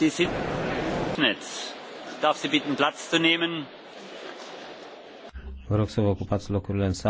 die sitzung eröffnet. ich darf sie bitten platz zu nehmen. vă rog să vă ocupați locurile în sală.